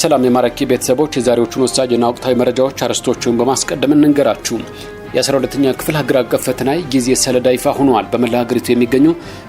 ሰላም የማራኪ ቤተሰቦች፣ የዛሬዎቹን ወሳኝና ወቅታዊ መረጃዎች አርዕስቶቹን በማስቀደም እንንገራችሁ። የ12ኛ ክፍል ሀገር አቀፍ ፈተና ጊዜ ሰሌዳ ይፋ ሆኗል። በመላ ሀገሪቱ የሚገኙ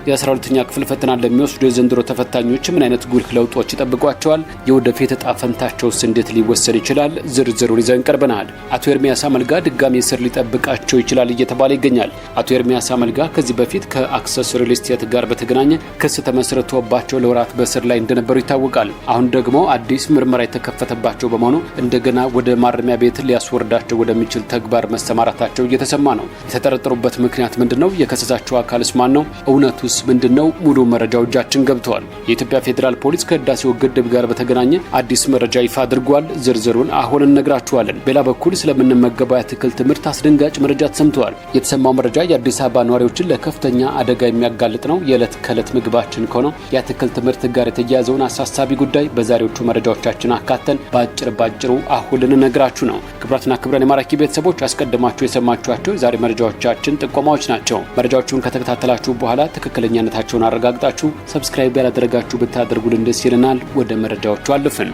የ12ኛ ክፍል ፈተና ለሚወስዱ የዘንድሮ ተፈታኞች ምን አይነት ጉልህ ለውጦች ይጠብቋቸዋል? የወደፊት እጣ ፈንታቸውስ እንዴት ሊወሰድ ይችላል? ዝርዝሩን ይዘን ቀርበናል። አቶ ኤርሚያስ አመልጋ ድጋሚ እስር ሊጠብቃቸው ይችላል እየተባለ ይገኛል። አቶ ኤርሚያስ አመልጋ ከዚህ በፊት ከአክሰስ ሪል ስቴት ጋር በተገናኘ ክስ ተመስርቶባቸው ለወራት በእስር ላይ እንደነበሩ ይታወቃል። አሁን ደግሞ አዲስ ምርመራ የተከፈተባቸው በመሆኑ እንደገና ወደ ማረሚያ ቤት ሊያስወርዳቸው ወደሚችል ተግባር መሰማራታቸው መሆናቸው እየተሰማ ነው። የተጠረጠሩበት ምክንያት ምንድን ነው? የከሰሳቸው አካልስ ማን ነው? እውነቱስ ምንድን ነው? ሙሉ መረጃው እጃችን ገብተዋል። የኢትዮጵያ ፌዴራል ፖሊስ ከህዳሴው ግድብ ጋር በተገናኘ አዲስ መረጃ ይፋ አድርጓል። ዝርዝሩን አሁን እነግራችኋለን። በሌላ በኩል ስለምንመገበው የአትክልት ምርት አስደንጋጭ መረጃ ተሰምተዋል። የተሰማው መረጃ የአዲስ አበባ ነዋሪዎችን ለከፍተኛ አደጋ የሚያጋልጥ ነው። የዕለት ከዕለት ምግባችን ከሆነው የአትክልት ምርት ጋር የተያያዘውን አሳሳቢ ጉዳይ በዛሬዎቹ መረጃዎቻችን አካተን በአጭር ባጭሩ አሁን ልንነግራችሁ ነው። ክብራትና ክብረን የማራኪ ቤተሰቦች አስቀድማችሁ የሰማችኋቸው የዛሬ መረጃዎቻችን ጥቆማዎች ናቸው። መረጃዎቹን ከተከታተላችሁ በኋላ ትክክለኛነታቸውን አረጋግጣችሁ ሰብስክራይብ ያላደረጋችሁ ብታደርጉልን ደስ ይለናል። ወደ መረጃዎቹ አልፍን።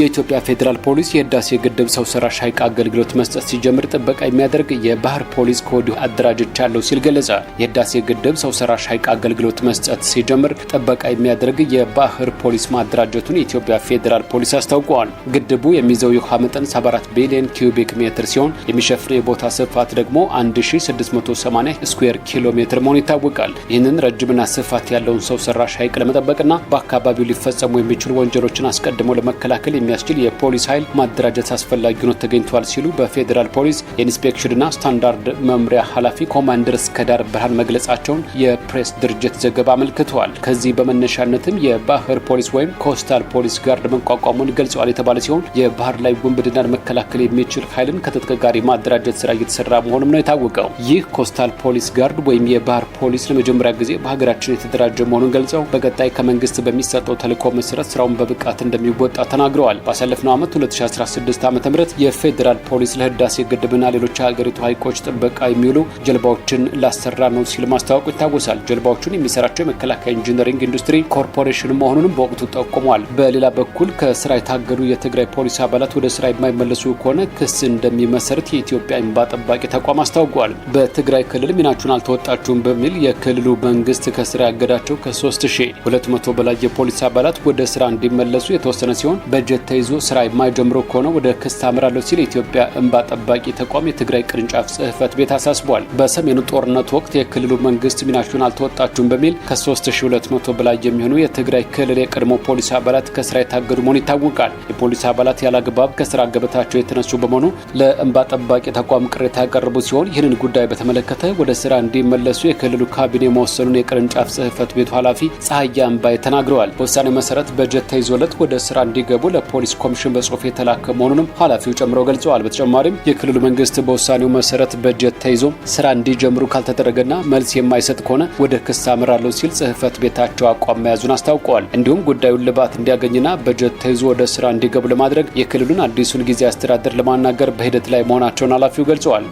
የኢትዮጵያ ፌዴራል ፖሊስ የህዳሴ ግድብ ሰው ሰራሽ ሐይቅ አገልግሎት መስጠት ሲጀምር ጥበቃ የሚያደርግ የባህር ፖሊስ ከወዲሁ አደራጅቻለሁ ሲል ገለጸ። የህዳሴ ግድብ ሰው ሰራሽ ሐይቅ አገልግሎት መስጠት ሲጀምር ጥበቃ የሚያደርግ የባህር ፖሊስ ማደራጀቱን የኢትዮጵያ ፌዴራል ፖሊስ አስታውቀዋል። ግድቡ የሚይዘው የውሃ መጠን 74 ቢሊዮን ኪዩቢክ ሜትር ሲሆን የሚሸፍነው የቦታ ስፋት ደግሞ 1680 ስኩዌር ኪሎ ሜትር መሆኑ ይታወቃል። ይህንን ረጅምና ስፋት ያለውን ሰው ሰራሽ ሐይቅ ለመጠበቅና በአካባቢው ሊፈጸሙ የሚችሉ ወንጀሎችን አስቀድሞ ለመከላከል የሚያስችል የፖሊስ ኃይል ማደራጀት አስፈላጊ ሆኖ ተገኝቷል ሲሉ በፌዴራል ፖሊስ የኢንስፔክሽንና ስታንዳርድ መምሪያ ኃላፊ ኮማንደር እስከዳር ብርሃን መግለጻቸውን የፕሬስ ድርጅት ዘገባ አመልክተዋል። ከዚህ በመነሻነትም የባህር ፖሊስ ወይም ኮስታል ፖሊስ ጋርድ መቋቋሙን ገልጸዋል የተባለ ሲሆን የባህር ላይ ውንብድናን መከላከል የሚችል ኃይልን ከትጥቅ ጋር የማደራጀት ስራ እየተሰራ መሆኑም ነው የታወቀው። ይህ ኮስታል ፖሊስ ጋርድ ወይም የባህር ፖሊስ ለመጀመሪያ ጊዜ በሀገራችን የተደራጀ መሆኑን ገልጸው በቀጣይ ከመንግስት በሚሰጠው ተልእኮ መሰረት ስራውን በብቃት እንደሚወጣ ተናግረዋል። አስታውቋል። ባሳለፍነው ዓመት 2016 ዓ ም የፌዴራል ፖሊስ ለህዳሴ ግድብና ሌሎች የሀገሪቱ ሀይቆች ጥበቃ የሚውሉ ጀልባዎችን ላሰራ ነው ሲል ማስታወቁ ይታወሳል። ጀልባዎቹን የሚሰራቸው የመከላከያ ኢንጂነሪንግ ኢንዱስትሪ ኮርፖሬሽን መሆኑንም በወቅቱ ጠቁሟል። በሌላ በኩል ከስራ የታገዱ የትግራይ ፖሊስ አባላት ወደ ስራ የማይመለሱ ከሆነ ክስ እንደሚመሰርት የኢትዮጵያ እንባ ጠባቂ ተቋም አስታውቋል። በትግራይ ክልል ሚናችሁን አልተወጣችሁም በሚል የክልሉ መንግስት ከስራ ያገዳቸው ከ3200 በላይ የፖሊስ አባላት ወደ ስራ እንዲመለሱ የተወሰነ ሲሆን በጀት ተይዞ ስራ የማይጀምሩ ከሆነ ወደ ክስ አምራለሁ ሲል የኢትዮጵያ እንባ ጠባቂ ተቋም የትግራይ ቅርንጫፍ ጽህፈት ቤት አሳስቧል። በሰሜኑ ጦርነት ወቅት የክልሉ መንግስት ሚናችሁን አልተወጣችሁም በሚል ከ3200 በላይ የሚሆኑ የትግራይ ክልል የቀድሞ ፖሊስ አባላት ከስራ የታገዱ መሆኑ ይታወቃል። የፖሊስ አባላት ያላግባብ ከስራ ገበታቸው የተነሱ በመሆኑ ለእንባ ጠባቂ ተቋም ቅሬታ ያቀረቡ ሲሆን ይህንን ጉዳይ በተመለከተ ወደ ስራ እንዲመለሱ የክልሉ ካቢኔ መወሰኑን የቅርንጫፍ ጽህፈት ቤቱ ኃላፊ ፀሐያ እምባይ ተናግረዋል። በውሳኔ መሰረት በጀት ተይዞለት ወደ ስራ እንዲገቡ ፖሊስ ኮሚሽን በጽሁፍ የተላከ መሆኑንም ኃላፊው ጨምረው ገልጸዋል። በተጨማሪም የክልሉ መንግስት በውሳኔው መሰረት በጀት ተይዞ ስራ እንዲጀምሩ ካልተደረገና መልስ የማይሰጥ ከሆነ ወደ ክስ አምራለሁ ሲል ጽህፈት ቤታቸው አቋም መያዙን አስታውቀዋል። እንዲሁም ጉዳዩን ልባት እንዲያገኝና በጀት ተይዞ ወደ ስራ እንዲገቡ ለማድረግ የክልሉን አዲሱን ጊዜ አስተዳደር ለማናገር በሂደት ላይ መሆናቸውን ኃላፊው ገልጸዋል።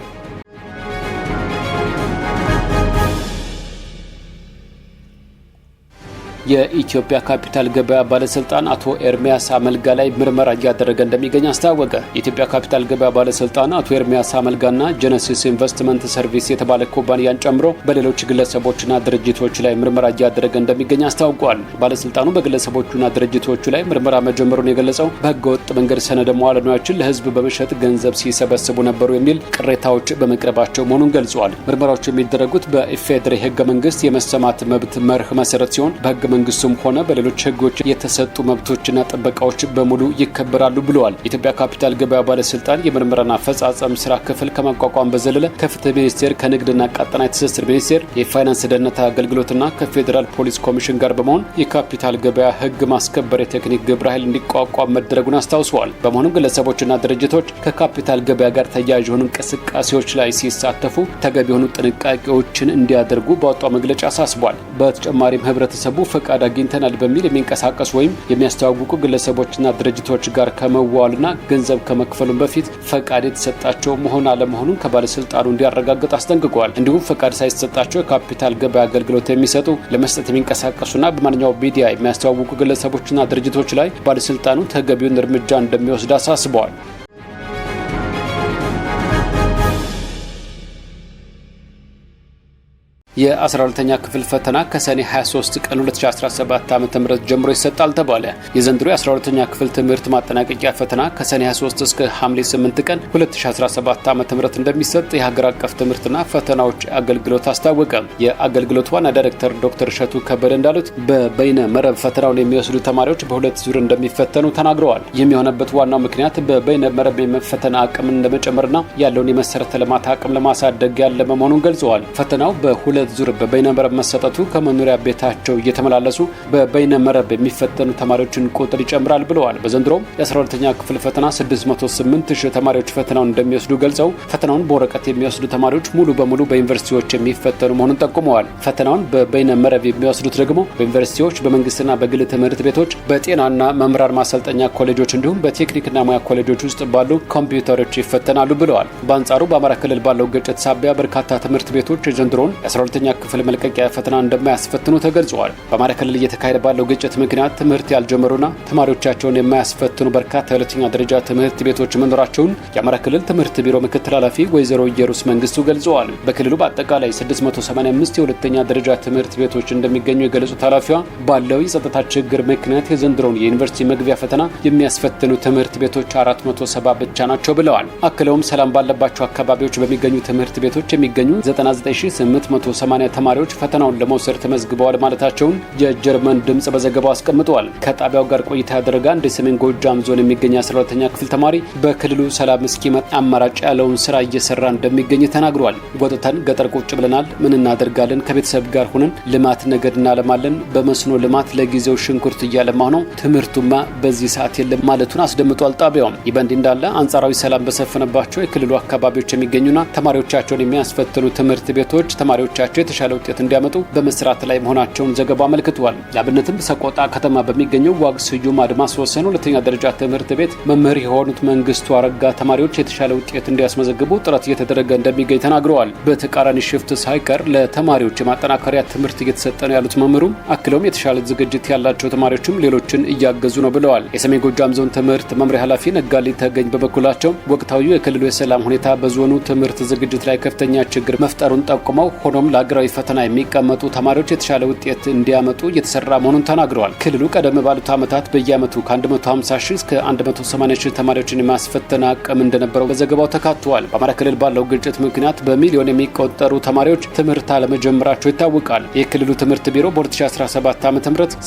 የኢትዮጵያ ካፒታል ገበያ ባለስልጣን አቶ ኤርሚያስ አመልጋ ላይ ምርመራ እያደረገ እንደሚገኝ አስታወቀ። የኢትዮጵያ ካፒታል ገበያ ባለስልጣን አቶ ኤርሚያስ አመልጋና ጀነሲስ ኢንቨስትመንት ሰርቪስ የተባለ ኩባንያን ጨምሮ በሌሎች ግለሰቦችና ድርጅቶች ላይ ምርመራ እያደረገ እንደሚገኝ አስታውቋል። ባለስልጣኑ በግለሰቦቹና ድርጅቶቹ ላይ ምርመራ መጀመሩን የገለጸው በህገወጥ መንገድ ሰነደ መዋለ ንዋያቸውን ለህዝብ በመሸጥ ገንዘብ ሲሰበስቡ ነበሩ የሚል ቅሬታዎች በመቅረባቸው መሆኑን ገልጿል። ምርመራዎች የሚደረጉት በኢፌዴሪ ህገ መንግስት የመሰማት መብት መርህ መሰረት ሲሆን በህገ መንግስቱም ሆነ በሌሎች ህጎች የተሰጡ መብቶችና ጥበቃዎች በሙሉ ይከበራሉ ብለዋል። የኢትዮጵያ ካፒታል ገበያ ባለስልጣን የምርመራና አፈጻጸም ስራ ክፍል ከማቋቋም በዘለለ ከፍትህ ሚኒስቴር፣ ከንግድና ቀጠናዊ ትስስር ሚኒስቴር፣ የፋይናንስ ደህንነት አገልግሎትና ከፌዴራል ፖሊስ ኮሚሽን ጋር በመሆን የካፒታል ገበያ ህግ ማስከበር የቴክኒክ ግብረ ኃይል እንዲቋቋም መደረጉን አስታውሰዋል። በመሆኑም ግለሰቦችና ድርጅቶች ከካፒታል ገበያ ጋር ተያያዥ የሆኑ እንቅስቃሴዎች ላይ ሲሳተፉ ተገቢ የሆኑ ጥንቃቄዎችን እንዲያደርጉ በወጣው መግለጫ አሳስቧል። በተጨማሪም ህብረተሰቡ ፈቃ ፈቃድ አግኝተናል በሚል የሚንቀሳቀሱ ወይም የሚያስተዋውቁ ግለሰቦችና ድርጅቶች ጋር ከመዋዋልና ገንዘብ ከመክፈሉን በፊት ፈቃድ የተሰጣቸው መሆን አለመሆኑን ከባለስልጣኑ እንዲያረጋግጥ አስጠንቅቋል። እንዲሁም ፈቃድ ሳይሰጣቸው የካፒታል ገበያ አገልግሎት የሚሰጡ ለመስጠት የሚንቀሳቀሱና በማንኛው ሚዲያ የሚያስተዋውቁ ግለሰቦችና ድርጅቶች ላይ ባለስልጣኑ ተገቢውን እርምጃ እንደሚወስድ አሳስበዋል። የ12ተኛ ክፍል ፈተና ከሰኔ 23 ቀን 2017 ዓ ም ጀምሮ ይሰጣል ተባለ። የዘንድሮ የ12ተኛ ክፍል ትምህርት ማጠናቀቂያ ፈተና ከሰኔ 23 እስከ ሐምሌ 8 ቀን 2017 ዓ ም እንደሚሰጥ የሀገር አቀፍ ትምህርትና ፈተናዎች አገልግሎት አስታወቀ። የአገልግሎት ዋና ዳይሬክተር ዶክተር እሸቱ ከበደ እንዳሉት በበይነ መረብ ፈተናውን የሚወስዱ ተማሪዎች በሁለት ዙር እንደሚፈተኑ ተናግረዋል። ይህም የሆነበት ዋናው ምክንያት በበይነ መረብ የመፈተና አቅምን ለመጨመርና ያለውን የመሰረተ ልማት አቅም ለማሳደግ ያለመሆኑን ገልጸዋል። ፈተናው በሁለት በሁለት ዙር በበይነመረብ መሰጠቱ ከመኖሪያ ቤታቸው እየተመላለሱ በበይነመረብ የሚፈተኑ ተማሪዎችን ቁጥር ይጨምራል ብለዋል። በዘንድሮም የ12ተኛ ክፍል ፈተና 608 ሺህ ተማሪዎች ፈተናውን እንደሚወስዱ ገልጸው ፈተናውን በወረቀት የሚወስዱ ተማሪዎች ሙሉ በሙሉ በዩኒቨርሲቲዎች የሚፈተኑ መሆኑን ጠቁመዋል። ፈተናውን በበይነመረብ የሚወስዱት ደግሞ በዩኒቨርሲቲዎች፣ በመንግስትና በግል ትምህርት ቤቶች፣ በጤናና መምራር ማሰልጠኛ ኮሌጆች እንዲሁም በቴክኒክና ሙያ ኮሌጆች ውስጥ ባሉ ኮምፒውተሮች ይፈተናሉ ብለዋል። በአንጻሩ በአማራ ክልል ባለው ግጭት ሳቢያ በርካታ ትምህርት ቤቶች የዘንድሮውን የሁለተኛ ክፍል መልቀቂያ ፈተና እንደማያስፈትኑ ተገልጿል። በአማራ ክልል እየተካሄደ ባለው ግጭት ምክንያት ትምህርት ያልጀመሩና ተማሪዎቻቸውን የማያስፈትኑ በርካታ የሁለተኛ ደረጃ ትምህርት ቤቶች መኖራቸውን የአማራ ክልል ትምህርት ቢሮ ምክትል ኃላፊ ወይዘሮ ኢየሩስ መንግስቱ ገልጸዋል። በክልሉ በአጠቃላይ 685 የሁለተኛ ደረጃ ትምህርት ቤቶች እንደሚገኙ የገለጹት ኃላፊዋ ባለው የጸጥታ ችግር ምክንያት የዘንድሮውን የዩኒቨርሲቲ መግቢያ ፈተና የሚያስፈትኑ ትምህርት ቤቶች 470 ብቻ ናቸው ብለዋል። አክለውም ሰላም ባለባቸው አካባቢዎች በሚገኙ ትምህርት ቤቶች የሚገኙ 998 80 ተማሪዎች ፈተናውን ለመውሰድ ተመዝግበዋል ማለታቸውን የጀርመን ድምፅ በዘገባው አስቀምጠዋል። ከጣቢያው ጋር ቆይታ ያደረገ አንድ የሰሜን ጎጃም ዞን የሚገኝ 12 ተኛ ክፍል ተማሪ በክልሉ ሰላም እስኪመጣ አማራጭ ያለውን ስራ እየሰራ እንደሚገኝ ተናግሯል። ወጥተን ገጠር ቁጭ ብለናል። ምን እናደርጋለን? ከቤተሰብ ጋር ሆነን ልማት ነገድ እናለማለን። በመስኖ ልማት ለጊዜው ሽንኩርት እያለማ ነው። ትምህርቱማ በዚህ ሰዓት የለም ማለቱን አስደምጧል። ጣቢያውም ይህ በእንዲህ እንዳለ አንጻራዊ ሰላም በሰፈነባቸው የክልሉ አካባቢዎች የሚገኙና ተማሪዎቻቸውን የሚያስፈትኑ ትምህርት ቤቶች ተማሪዎቻቸው በመሆናቸው የተሻለ ውጤት እንዲያመጡ በመስራት ላይ መሆናቸውን ዘገባ አመልክቷል። ለአብነትም ሰቆጣ ከተማ በሚገኘው ዋግ ስዩም አድማስ ወሰን ሁለተኛ ደረጃ ትምህርት ቤት መምህር የሆኑት መንግስቱ አረጋ ተማሪዎች የተሻለ ውጤት እንዲያስመዘግቡ ጥረት እየተደረገ እንደሚገኝ ተናግረዋል። በተቃራኒ ሽፍት ሳይቀር ለተማሪዎች የማጠናከሪያ ትምህርት እየተሰጠ ነው ያሉት መምህሩ አክለውም የተሻለ ዝግጅት ያላቸው ተማሪዎችም ሌሎችን እያገዙ ነው ብለዋል። የሰሜን ጎጃም ዞን ትምህርት መምሪያ ኃላፊ ነጋሊ ተገኝ በበኩላቸው ወቅታዊ የክልሉ የሰላም ሁኔታ በዞኑ ትምህርት ዝግጅት ላይ ከፍተኛ ችግር መፍጠሩን ጠቁመው ሆኖም በሀገራዊ ፈተና የሚቀመጡ ተማሪዎች የተሻለ ውጤት እንዲያመጡ እየተሰራ መሆኑን ተናግረዋል። ክልሉ ቀደም ባሉት ዓመታት በየዓመቱ ከ150 ሺህ እስከ 180 ሺህ ተማሪዎችን የማስፈተን አቅም እንደነበረው በዘገባው ተካተዋል። በአማራ ክልል ባለው ግጭት ምክንያት በሚሊዮን የሚቆጠሩ ተማሪዎች ትምህርት አለመጀመራቸው ይታወቃል። የክልሉ ትምህርት ቢሮ በ2017 ዓ ም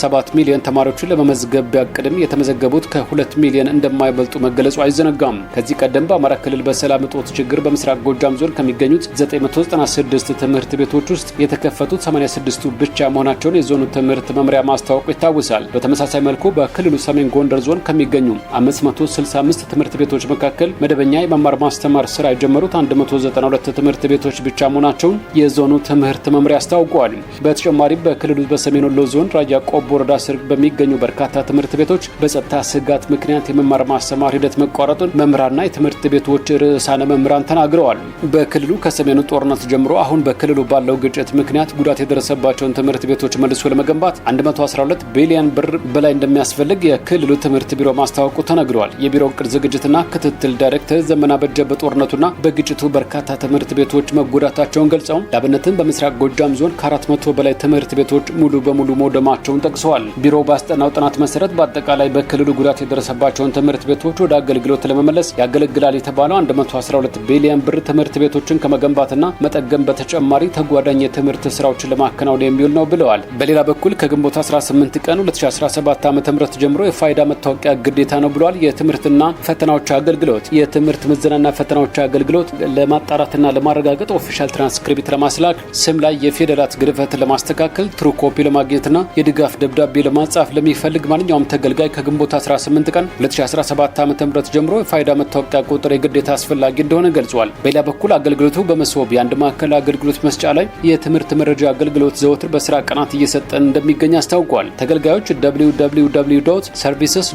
7 ሚሊዮን ተማሪዎችን ለመመዝገብ ቢያቅድም የተመዘገቡት ከ2 ሚሊዮን እንደማይበልጡ መገለጹ አይዘነጋም። ከዚህ ቀደም በአማራ ክልል በሰላም እጦት ችግር በምስራቅ ጎጃም ዞን ከሚገኙት 996 ትምህርት ቤቶች ክልሎች ውስጥ የተከፈቱት 86ቱ ብቻ መሆናቸውን የዞኑ ትምህርት መምሪያ ማስታወቁ ይታወሳል። በተመሳሳይ መልኩ በክልሉ ሰሜን ጎንደር ዞን ከሚገኙ 565 ትምህርት ቤቶች መካከል መደበኛ የመማር ማስተማር ስራ የጀመሩት 192 ትምህርት ቤቶች ብቻ መሆናቸውን የዞኑ ትምህርት መምሪያ አስታውቀዋል። በተጨማሪም በክልሉ በሰሜን ወሎ ዞን ራያ ቆቦ ወረዳ ስር በሚገኙ በርካታ ትምህርት ቤቶች በጸጥታ ስጋት ምክንያት የመማር ማስተማር ሂደት መቋረጡን መምህራንና የትምህርት ቤቶች ርዕሳነ መምህራን ተናግረዋል። በክልሉ ከሰሜኑ ጦርነት ጀምሮ አሁን በክልሉ ባለው ባለው ግጭት ምክንያት ጉዳት የደረሰባቸውን ትምህርት ቤቶች መልሶ ለመገንባት 112 ቢሊዮን ብር በላይ እንደሚያስፈልግ የክልሉ ትምህርት ቢሮ ማስታወቁ ተነግሯል። የቢሮው ቅድ ዝግጅትና ክትትል ዳይሬክተር ዘመና በጀ በጦርነቱና በግጭቱ በርካታ ትምህርት ቤቶች መጎዳታቸውን ገልጸው ለአብነትም በምስራቅ ጎጃም ዞን ከ400 በላይ ትምህርት ቤቶች ሙሉ በሙሉ መውደማቸውን ጠቅሰዋል። ቢሮው ባስጠናው ጥናት መሰረት በአጠቃላይ በክልሉ ጉዳት የደረሰባቸውን ትምህርት ቤቶች ወደ አገልግሎት ለመመለስ ያገለግላል የተባለው 112 ቢሊዮን ብር ትምህርት ቤቶችን ከመገንባትና መጠገም በተጨማሪ ተጓ አውዳኝ የትምህርት ስራዎችን ለማከናወን የሚውል ነው ብለዋል። በሌላ በኩል ከግንቦት 18 ቀን 2017 ዓ ም ጀምሮ የፋይዳ መታወቂያ ግዴታ ነው ብለዋል። የትምህርትና ፈተናዎች አገልግሎት የትምህርት ምዘናና ፈተናዎች አገልግሎት ለማጣራትና ለማረጋገጥ ኦፊሻል ትራንስክሪፕት ለማስላክ ስም ላይ የፊደላት ግድፈት ለማስተካከል ትሩ ኮፒ ለማግኘትና የድጋፍ ደብዳቤ ለማጻፍ ለሚፈልግ ማንኛውም ተገልጋይ ከግንቦት 18 ቀን 2017 ዓ ም ጀምሮ የፋይዳ መታወቂያ ቁጥር የግዴታ አስፈላጊ እንደሆነ ገልጿል። በሌላ በኩል አገልግሎቱ በመስቦብ የአንድ ማዕከል አገልግሎት መስጫ ላይ የትምህርት መረጃ አገልግሎት ዘወትር በስራ ቀናት እየሰጠ እንደሚገኝ አስታውቋል። ተገልጋዮች www ሰርቪስስ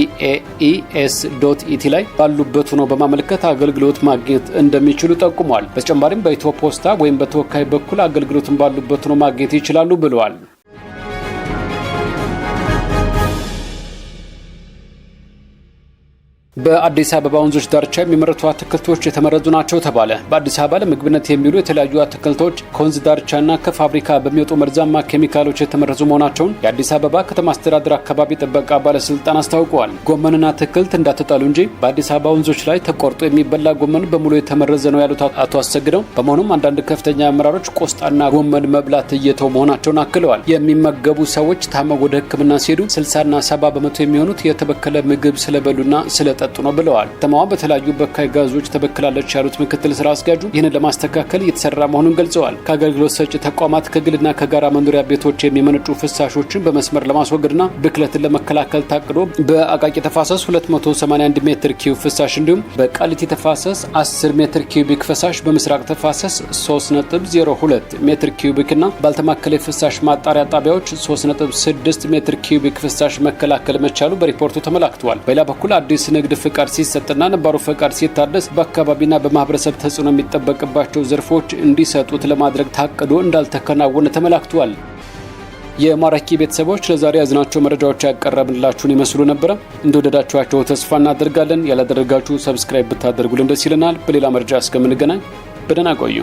ኢኤኢኤስ ኢቲ ላይ ባሉበት ሆነው በማመልከት አገልግሎት ማግኘት እንደሚችሉ ጠቁሟል። በተጨማሪም በኢትዮ ፖስታ ወይም በተወካይ በኩል አገልግሎትን ባሉበት ሆነው ማግኘት ይችላሉ ብለዋል። በአዲስ አበባ ወንዞች ዳርቻ የሚመረቱ አትክልቶች የተመረዙ ናቸው ተባለ። በአዲስ አበባ ለምግብነት የሚውሉ የተለያዩ አትክልቶች ከወንዝ ዳርቻና ከፋብሪካ በሚወጡ መርዛማ ኬሚካሎች የተመረዙ መሆናቸውን የአዲስ አበባ ከተማ አስተዳደር አካባቢ ጥበቃ ባለስልጣን አስታውቀዋል። ጎመንን አትክልት እንዳትጣሉ እንጂ በአዲስ አበባ ወንዞች ላይ ተቆርጦ የሚበላ ጎመን በሙሉ የተመረዘ ነው ያሉት አቶ አሰግደው፣ በመሆኑም አንዳንድ ከፍተኛ አመራሮች ቆስጣና ጎመን መብላት እየተው መሆናቸውን አክለዋል። የሚመገቡ ሰዎች ታመው ወደ ሕክምና ሲሄዱ 60ና 70 በመቶ የሚሆኑት የተበከለ ምግብ ስለበሉና ስለጠ እየተጋጡ ነው ብለዋል። ከተማዋ በተለያዩ በካይ ጋዞች ተበክላለች ያሉት ምክትል ስራ አስኪያጁ ይህንን ለማስተካከል እየተሰራ መሆኑን ገልጸዋል። ከአገልግሎት ሰጪ ተቋማት ከግልና ከጋራ መኖሪያ ቤቶች የሚመነጩ ፍሳሾችን በመስመር ለማስወገድና ብክለትን ለመከላከል ታቅዶ በአቃቂ ተፋሰስ 281 ሜትር ኪዩ ፍሳሽ እንዲሁም በቃሊቲ ተፋሰስ 10 ሜትር ኪዩቢክ ፈሳሽ በምስራቅ ተፋሰስ 3.02 ሜትር ኪዩቢክ እና ባልተማከለ ፍሳሽ ማጣሪያ ጣቢያዎች 3.6 ሜትር ኪዩቢክ ፍሳሽ መከላከል መቻሉ በሪፖርቱ ተመላክተዋል። በሌላ በኩል አዲስ ንግድ የንግድ ፍቃድ ሲሰጥና ነባሩ ፍቃድ ሲታደስ በአካባቢና በማህበረሰብ ተጽዕኖ የሚጠበቅባቸው ዘርፎች እንዲሰጡት ለማድረግ ታቅዶ እንዳልተከናወነ ተመላክቷል። የማራኪ ቤተሰቦች ለዛሬ ያዝናቸው መረጃዎች ያቀረብንላችሁን ይመስሉ ነበረ። እንደወደዳችኋቸው ተስፋ እናደርጋለን። ያላደረጋችሁ ሰብስክራይብ ብታደርጉልን ደስ ይለናል። በሌላ መረጃ እስከምንገናኝ በደህና ቆዩ።